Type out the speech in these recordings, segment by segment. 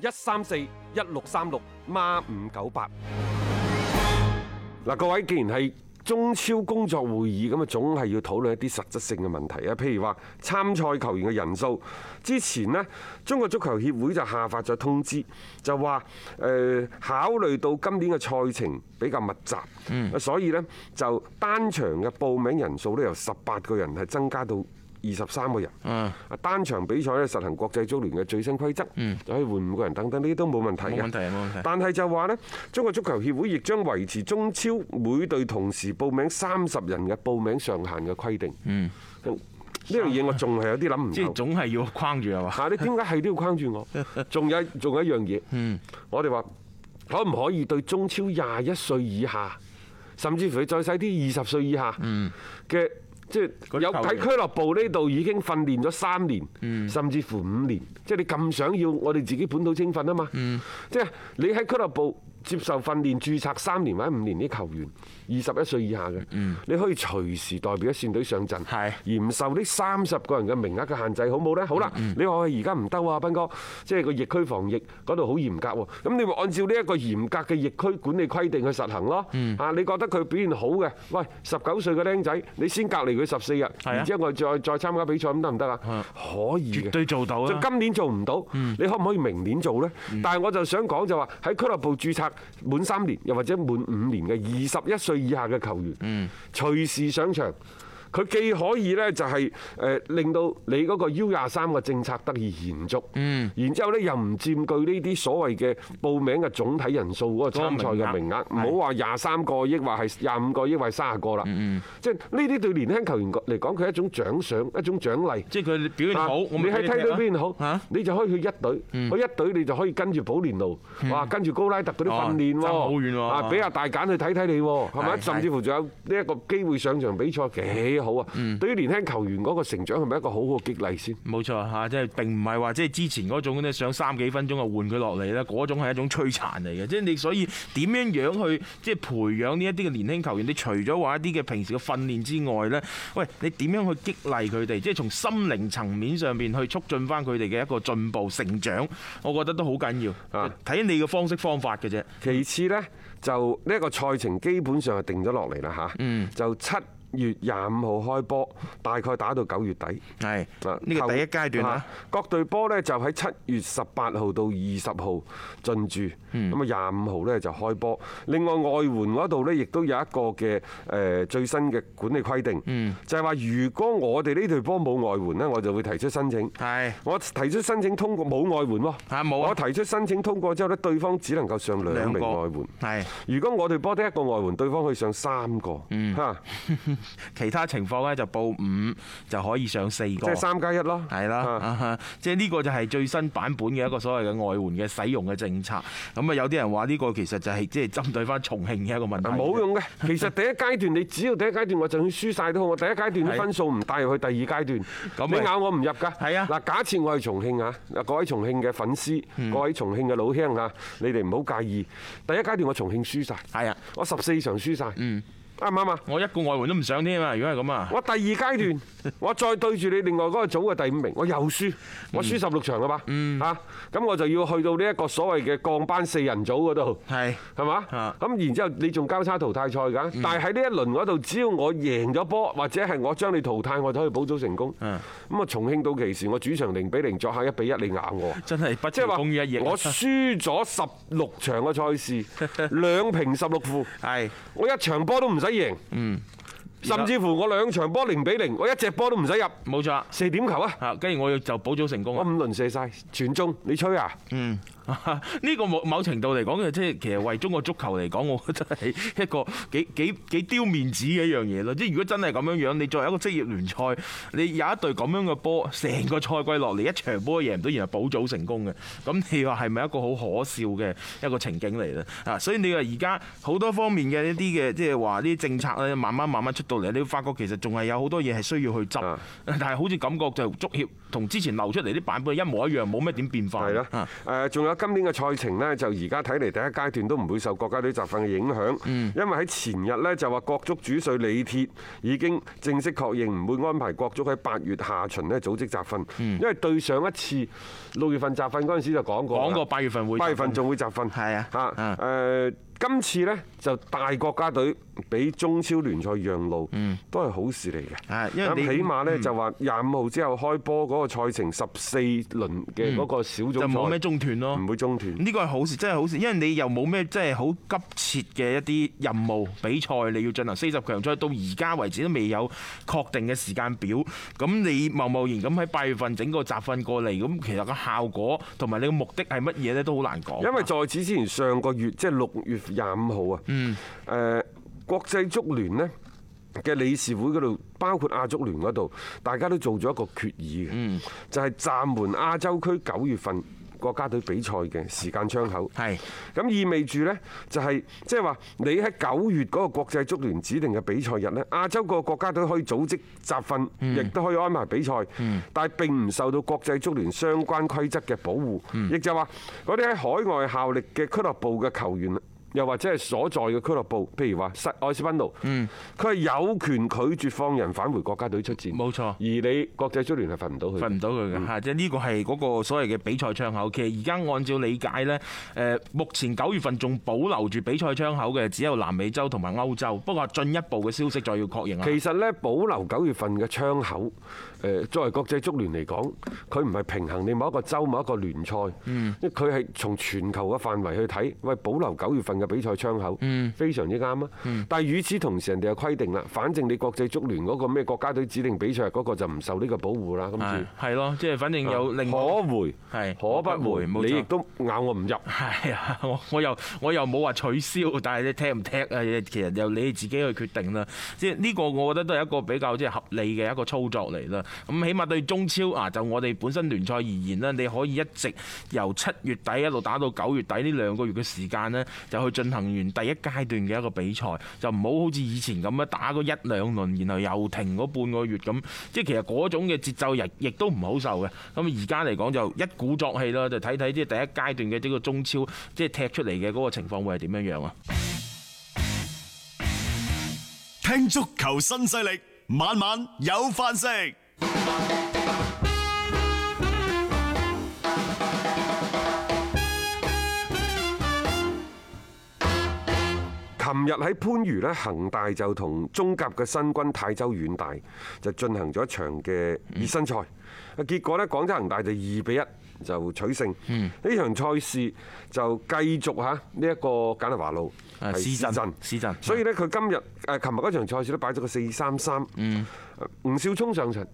一三四一六三六孖五九八。嗱，各位既然係中超工作會議，咁啊，總係要討論一啲實質性嘅問題啊。譬如話參賽球員嘅人數。之前咧中國足球協會就下發咗通知，就話誒，考慮到今年嘅賽程比較密集，嗯，所以咧就單場嘅報名人數咧由十八個人係增加到。二十三個人，單場比賽咧實行國際足聯嘅最新規則，就可以換五個人等等，呢啲都冇問題。但係就話呢，中國足球協會亦將維持中超每隊同時報名三十人嘅報名上限嘅規定。嗯，呢樣嘢我仲係有啲諗唔到，即係總係要框住啊嘛，你點解係都要框住我？仲有仲有一樣嘢，我哋話可唔可以對中超廿一歲以下，甚至乎再細啲二十歲以下嘅？即係有喺俱樂部呢度已經訓練咗三年，甚至乎五年。即係你咁想要我哋自己本土青訓啊嘛？即係你喺俱樂部。接受訓練註冊三年或者五年啲球員，二十一歲以下嘅，你可以隨時代表一線隊上陣，而唔受呢三十個人嘅名額嘅限制，好冇呢？好啦、嗯嗯，你話我而家唔得啊，斌哥，即係個疫區防疫嗰度好嚴格喎、啊。咁你咪按照呢一個嚴格嘅疫區管理規定去實行咯、啊。啊、嗯，你覺得佢表現好嘅，喂，十九歲嘅僆仔，你先隔離佢十四日，然之後我再、啊、再，再參加比賽，咁得唔得啊？可以，絕對做到、啊。就今年做唔到、嗯，你可唔可以明年做呢？嗯、但係我就想講就話、是、喺俱樂部註冊。滿三年又或者滿五年嘅二十一歲以下嘅球員嗯，隨時上場。佢既可以咧就係誒令到你嗰個 U 廿三嘅政策得以延續，嗯，然之後咧又唔佔據呢啲所謂嘅報名嘅總體人數嗰個參賽嘅名額，唔好話廿三個抑或係廿五個抑或卅個啦，嗯嗯，即係呢啲對年輕球員嚟講，佢係一種獎賞，一種獎勵，即係佢表現好，你喺梯隊邊好，你就可以去一隊，去一隊你就可以跟住保連奴，哇，跟住高拉特嗰啲訓練喎，啊，俾阿大簡去睇睇你喎，係咪？甚至乎仲有呢一個機會上場比賽嘅。好啊！對於年輕球員嗰個成長係咪一個好好嘅激勵先？冇錯嚇，即係並唔係話即係之前嗰種想三幾分鐘就換佢落嚟啦。嗰種係一種摧殘嚟嘅。即係你所以點樣樣去即係培養呢一啲嘅年輕球員？你除咗話一啲嘅平時嘅訓練之外呢？喂，你點樣去激勵佢哋？即係從心靈層面上面去促進翻佢哋嘅一個進步成長，我覺得都好緊要。睇你嘅方式方法嘅啫。其次呢，就呢一個賽程基本上係定咗落嚟啦嚇。就七月廿五號開波，大概打到九月底。係，呢個第一階段啦。各隊波呢就喺七月十八號到二十號進駐。咁啊廿五號呢就開波。另外外援嗰度呢亦都有一個嘅誒最新嘅管理規定。就係話，如果我哋呢隊波冇外援呢，我就會提出申請。係。我提出申請通過冇外援喎。我提出申請通過之後呢，對方只能夠上兩名外援。係。如果我哋波得一個外援，對方可以上三個。嗯。其他情況咧就報五就可以上四個，即係，即係三加一咯。係啦，即係呢個就係最新版本嘅一個所謂嘅外援嘅使用嘅政策。咁啊有啲人話呢個其實就係即係針對翻重慶嘅一個問題。冇用嘅，其實第一階段你只要第一階段我就算輸晒都好，我第一階段啲分數唔帶入去第二階段，咁你咬我唔入㗎。係啊，嗱，假設我係重慶啊，嗱各位重慶嘅粉絲，各位重慶嘅老鄉啊，你哋唔好介意，第一階段我重慶輸晒，係啊，我十四場輸晒。嗯。啱唔啱啊，我一個外援都唔想添啊！如果係咁啊，我第二階段我再對住你另外嗰個組嘅第五名，我又輸，我輸十六場㗎嘛嚇，咁我就要去到呢一個所謂嘅降班四人組嗰度，係係嘛？嚇，咁然之後你仲交叉淘汰賽㗎，但係喺呢一輪嗰度，只要我贏咗波，或者係我將你淘汰，我就可以保組成功。嗯，咁啊，重慶到奇士，我主場零比零，作下一比一，你咬我，真係即係話我輸咗十六場嘅賽事，兩平十六負，係我一場波都唔使。贏，嗯，甚至乎我兩場波零比零，我一隻波都唔使入，冇錯，射點球啊，跟住我要就補早成功，我五輪射晒全中，你吹啊，嗯。呢個某程度嚟講，即係其實為中國足球嚟講，我覺得係一個幾幾幾丟面子嘅一樣嘢咯。即係如果真係咁樣樣，你作為一個職業聯賽，你有一隊咁樣嘅波，成個賽季落嚟一場波贏唔到，然後保組成功嘅，咁你話係咪一個好可笑嘅一個情景嚟呢？所以你話而家好多方面嘅呢啲嘅即係話呢啲政策咧，慢慢慢慢出到嚟，你會發覺其實仲係有好多嘢係需要去執，是但係好似感覺就足協同之前流出嚟啲版本一模一樣，冇咩點變化的的。仲有。今年嘅賽程呢，就而家睇嚟第一階段都唔會受國家隊集訓嘅影響，因為喺前日呢，就話國足主帥李鐵已經正式確認唔會安排國足喺八月下旬呢組織集訓，因為對上一次六月份集訓嗰陣時就講過，講過八月份會，八月份仲會集訓，會集訓，係啊，嚇誒。今次呢，就大國家隊俾中超聯賽讓路，都係好事嚟嘅，嗯。咁起碼呢，就話廿五號之後開波嗰個賽程十四輪嘅嗰個小組，嗯，就冇咩中斷咯，唔會中斷呢個係好事，真係好事，因為你又冇咩即係好急切嘅一啲任務比賽你要進行四十強賽到而家為止都未有確定嘅時間表。咁你貿貿然咁喺八月份整個集訓過嚟，咁其實個效果同埋你嘅目的係乜嘢呢都好難講，因為在此之前上個月即係六月份。廿五號啊，誒國際足聯咧嘅理事會嗰度，包括亞足聯嗰度，大家都做咗一個決議嘅，就係暫緩亞洲區九月份國家隊比賽嘅時間窗口。係咁意味住咧，就係即係話你喺九月嗰個國際足聯指定嘅比賽日咧，亞洲個國家隊可以組織集訓，亦都可以安排比賽，但係並唔受到國際足聯相關規則嘅保護，亦就係話嗰啲喺海外效力嘅俱樂部嘅球員啦。又或者係所在嘅俱樂部，譬如話塞愛斯賓奴，佢係有權拒絕放人返回國家隊出戰。冇錯，而你國際足聯係瞓唔到佢，瞓唔到佢嘅嚇。即係呢個係嗰個所謂嘅比賽窗口。其實而家按照理解咧，誒目前九月份仲保留住比賽窗口嘅只有南美洲同埋歐洲。不過進一步嘅消息再要確認啊。其實咧保留九月份嘅窗口，誒作為國際足聯嚟講，佢唔係平衡你某一個州某一個聯賽，因為佢係從全球嘅範圍去睇，喂保留九月份。嘅比賽窗口非常之啱啊！嗯、但係與此同時，人哋又規定啦，反正你國際足聯嗰個咩國家隊指定比賽嗰個就唔受呢個保護啦。咁就係咯，即係反正又令我可回可不回，不回你亦都咬我唔入係啊！我我又我又冇話取消，但係你踢唔踢啊？其實由你自己去決定啦。即係呢個我覺得都係一個比較即係合理嘅一個操作嚟啦。咁起碼對中超啊，就我哋本身聯賽而言啦，你可以一直由七月底一路打到九月底呢兩個月嘅時間咧，就去。進行完第一階段嘅一個比賽，就唔好好似以前咁樣打個一兩輪，然後又停嗰半個月咁，即係其實嗰種嘅節奏亦亦都唔好受嘅。咁而家嚟講就一鼓作氣啦，就睇睇即係第一階段嘅呢個中超即係踢出嚟嘅嗰個情況會係點樣樣啊！聽足球新勢力，晚晚有飯食。琴日喺番禺咧，恒大就同中甲嘅新軍泰州遠大就進行咗一場嘅熱身賽，啊結果咧，廣州恒大就二比一。就取勝，呢場賽事就繼續嚇呢一個簡拿華路施鎮，所以呢，佢今日誒琴日嗰場賽事咧擺咗個四三三，吳少聰上場，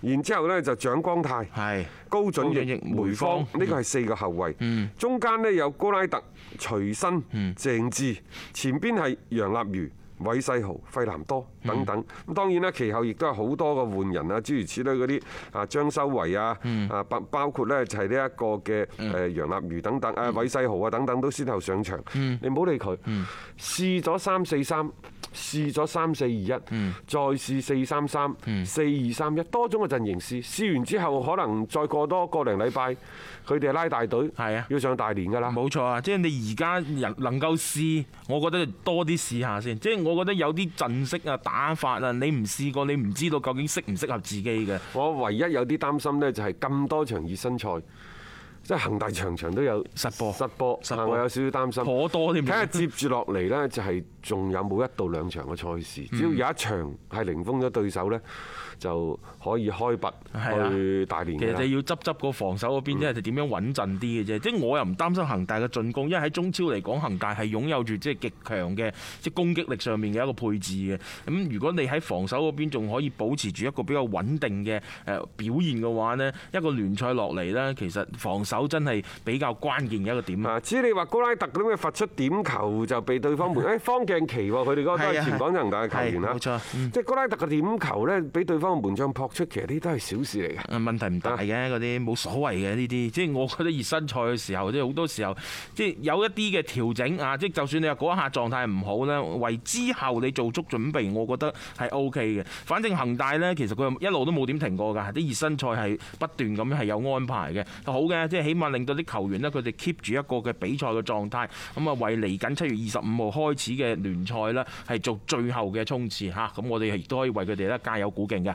然之後呢，就蔣光泰、高準翼、梅芳呢個係四個後衛，中間呢，有高拉特、徐、嗯、新、鄭智，前邊係楊立瑜、韋世豪、費南多。的嗯、包括等等，咁當然啦，其後亦都有好多個換人啊，諸如此類嗰啲啊，張修維啊，啊包括呢就係呢一個嘅誒楊立瑜等等，誒韋世豪啊等等都先後上場、嗯。你唔好理佢，試咗三四三，試咗三四二一，再試四三三、四二三一，多種嘅陣型試。試完之後，可能再過多個零禮拜，佢哋拉大隊，要上大連㗎啦。冇錯啊，即係你而家人能夠試，我覺得多啲試一下先。即係我覺得有啲陣式啊，打玩法啊！你唔試過，你唔知道究竟適唔適合自己嘅。我唯一有啲擔心呢，就係咁多場熱身賽。即係恒大場場都有失波，失波，失波，但我有少少擔心。可多添。睇下接住落嚟咧，就係、是、仲有冇一到兩場嘅賽事？只要有一場係零封咗對手咧，就可以開拔去大連、嗯、其實你要執執個防守嗰邊，即係點樣穩陣啲嘅啫？即係我又唔擔心恒大嘅進攻，因為喺中超嚟講恒大係擁有住即係極強嘅即係攻擊力上面嘅一個配置嘅。咁如果你喺防守嗰邊，仲可以保持住一個比較穩定嘅誒表現嘅話咧，一個聯賽落嚟咧，其實防守。真係比較關鍵嘅一個點啊！至於你話高拉特嗰啲咩罰出點球就被對方門，誒方鏡奇喎，佢哋嗰個前廣州恒大嘅球員啦。冇錯，即係高拉特嘅點球呢，俾對方嘅門將撲出，其實呢啲都係小事嚟嘅。問題唔大嘅嗰啲，冇、啊、所謂嘅呢啲。即係我覺得熱身賽嘅時候，即係好多時候，即係有一啲嘅調整啊，即係就算你話嗰一下狀態唔好呢，為之後你做足準備，我覺得係 O K 嘅。反正恒大呢，其實佢一路都冇點停過㗎，啲熱身賽係不斷咁係有安排嘅。好嘅，即係。起碼令到啲球員呢，佢哋 keep 住一個嘅比賽嘅狀態，咁啊，為嚟緊七月二十五號開始嘅聯賽呢，係做最後嘅衝刺嚇，咁我哋係亦都可以為佢哋呢，加油鼓勁嘅。